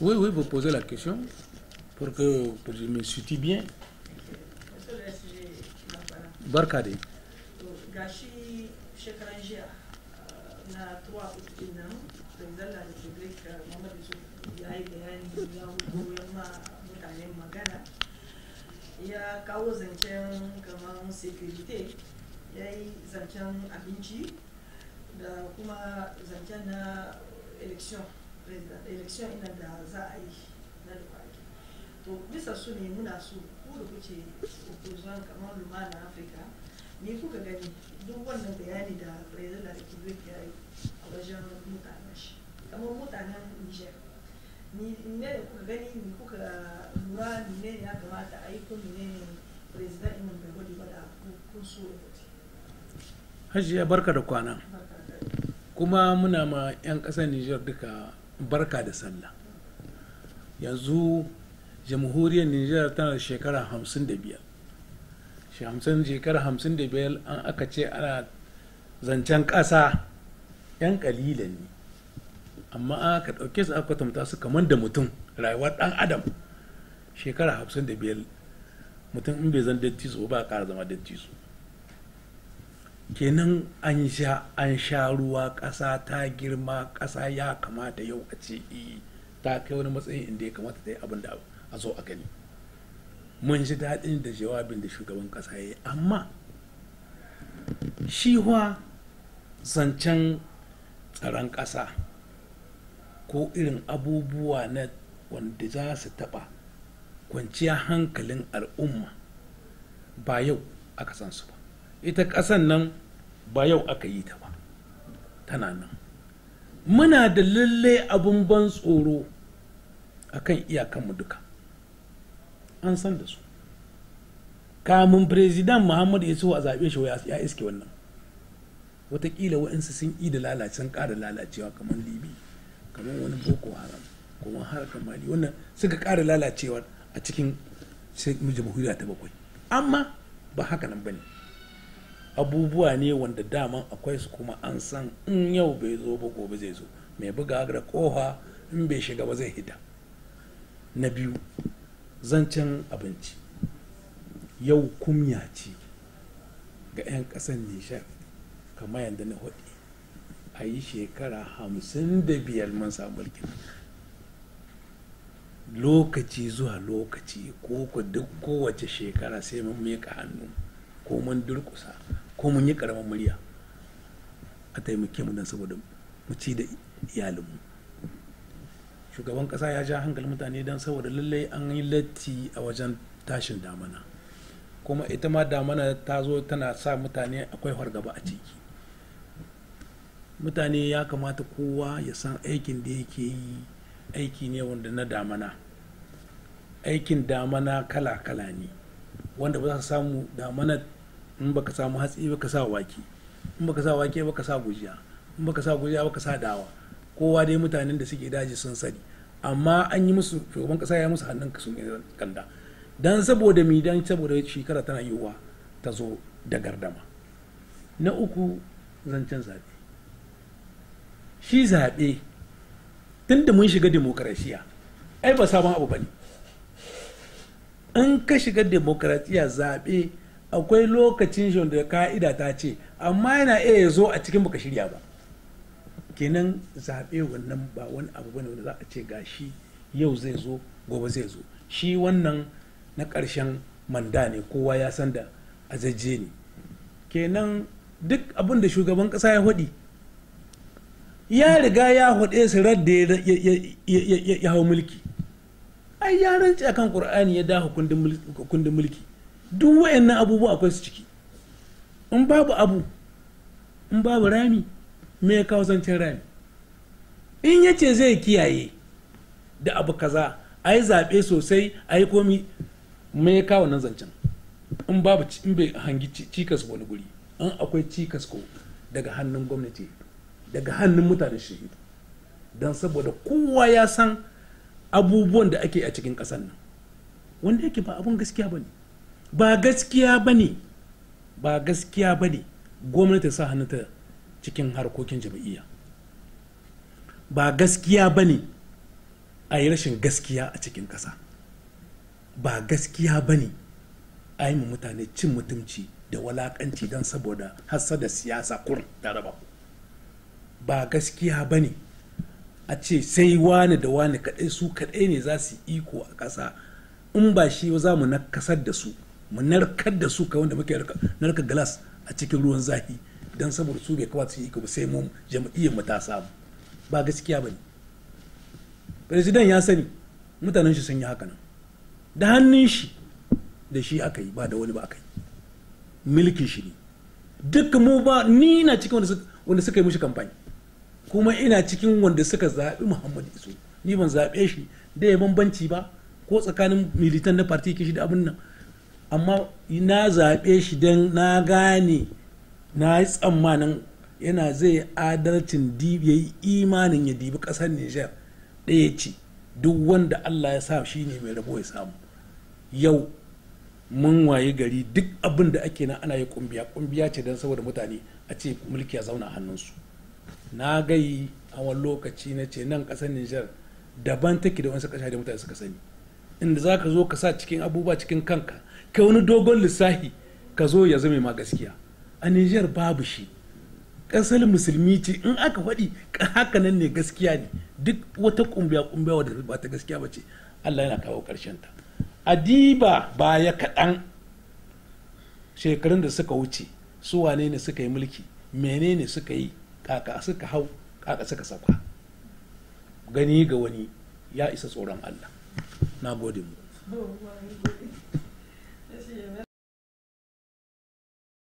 Oui, oui, vous posez la question pour que, pour que je me situe bien. Barkade. Gachi, shekaran jiya euh, na tuwa uku nan president da republic Muhammad Yusuf ya yi bayani ya hudu ya ma mutane magana ya kawo zancen kamar security ya yi zancen abinci da kuma zancen na election election da za a yi na lukwaki to bisa su ne muna opposition kamar lumana ni kuka gani duk wannan bayani da president da ya yi a wajen mutanen shi kamar mutanen niger ne da kuka gani ni kuka lura ne ya kamata a yi ne ne president imam bai da kun so hajiya barka da kwana kuma muna ma 'yan ƙasar niger duka barka da sallah yanzu jamhuriyar nijar tana da shekara 55 shekara 55 an aka ce ana zancen ƙasa 'yan ƙalilan ne amma aka ɗauke su aka tamta su kamar da mutum rayuwar ɗan adam shekara 55 mutum in bai zan dattiso ba ƙara zama dattiso kenan an sha an sha ruwa ƙasa ta girma ƙasa ya kamata yau a ce eh, ta kai wani matsayin inda ya kamata ta yi abin da a zo a gani mun ji daɗin da jawabin da shugaban ƙasa ya yi amma shi zancen tsaron ƙasa ko irin abubuwa na wanda za su taɓa kwanciya hankalin al'umma ba yau aka san su ba ita ƙasan nan ba yau aka yi ta ba tana nan muna da lalle abin ban tsoro a kan iyakanmu duka an san da su kamun firizidan muhammadu ya a zaɓe shi ya iske wannan watakila wa'insu sun yi da lalace sun ƙara lalacewa kamar libi kamar wani boko haram kuma har mali wannan suka ƙara lalacewar a cikin jamhuriya ta bakwai amma ba haka nan ba ne abubuwa ne wanda dama akwai su kuma an san in yau bai zo ba gobe zai zo mai buga da koha in bai shiga ba zai hita na biyu zancen abinci yau kumya ce ga 'yan ƙasan nishar kamar yadda na hudu a yi shekara hamsin da biyar mun samu lokaci zuwa lokaci ko duk kowace shekara sai mun miƙa hannu ko mun durkusa ko mun yi karamin murya a taimake mu don saboda mu ci da iyalinmu shugaban kasa ya ja hankali mutane don saboda lallai an yi latti a wajen tashin damana kuma ita ma damana ta zo tana sa mutane akwai fargaba a ciki mutane ya kamata kowa ya san aikin da yake yi aiki ne wanda na damana aikin damana kala-kala ne wanda ba za su samu damanar in baka samu hatsi baka sa wake in baka sa wake baka sa gujiya in baka sa gujiya baka sa dawa kowa dai mutanen da suke daji sun sani amma an yi musu shugaban kasa ya musu hannun kasu mai kanda dan saboda mi dan saboda shekara tana yiwuwa ta zo da gardama na uku zancen zaɓe shi zaɓe tun da mun shiga demokarasiya ai ba sabon abu ba ne in ka shiga demokarasiya zaɓe akwai lokacin shi da ka'ida ta ce amma yana iya zo a cikin baka shirya ba kenan zaɓe wannan ba wani abu bane wanda za a ce gashi yau zai zo gobe zai zo shi wannan na ƙarshen manda ne kowa ya san da azaje ne kenan duk abin da shugaban ƙasa ya haɗi ya riga ya haɗe su radda ya hau mulki ai ya rance akan ƙur'ani ya da kundin mulki duk wayannan abubuwa akwai su ciki in babu abu in babu rami me ya kawo zancen rami in ya ce zai kiyaye da abu kaza a yi zaɓe sosai a yi komi me ya kawo nan zancen in babu in bai hangi cikas wani guri in akwai cikas ko daga hannun gwamnati daga hannun mutanen shahidu don saboda kowa ya san abubuwan da ake a cikin ƙasar nan wanda yake ba abun gaskiya ba ne ba gaskiya ba ne ba gaskiya ba ne gwamnati sa ta cikin harkokin jam'iyya ba gaskiya ba ne a yi rashin gaskiya a cikin ƙasa ba gaskiya ba ne a yi mutane cin mutunci da walakanci don saboda hassada siyasa kur da raba ba gaskiya ba ne a ce sai wani da wani kaɗai su kaɗai ne za su iko a ƙasa in ba shi za mu nakasar da su mu narkar da su kawai da muke narka glass a cikin ruwan zafi don saboda su bai kawata su yi ba sai mu jam'iyyar mu ta samu ba gaskiya bane president ya sani mutanen shi sun yi haka nan da hannun shi da shi aka yi ba da wani ba aka yi milkin shi ne duk mu ba ni na cikin wanda suka yi mushi kamfani kuma ina cikin wanda suka zaɓi muhammad isu ni ban zaɓe shi da ya bambanci ba ko tsakanin militan na party kishi da abin nan amma na zaɓe shi don na gane na yi tsammanin yana zai adalcin ya yi imanin ya dibi ƙasar nijar ɗaya ce duk wanda allah ya sa shi ne mai rabo ya samu yau mun waye gari duk abin da ake na ana yi kumbiya kumbiya ce don saboda mutane a ce mulki ya zauna hannunsu na gai a wani lokaci na ce nan ƙasar nijar daban take da wani ƙasashe da mutane suka sani inda za ka zo ka sa cikin abubuwa cikin kanka ka wani dogon lissafi ka zo ya zame ma gaskiya a Nijar babu shi ƙasar musulmi ce in aka faɗi haka nan ne gaskiya ne duk wata kumbiya kumbiya wadda ba ta gaskiya ba ce Allah yana kawo ƙarshen ta adiba baya kaɗan shekarun da suka wuce su wane ne suka yi mulki menene suka yi kaka suka hau kaka suka sauka gani ga wani ya isa tsoron Allah na gode mu спасибо.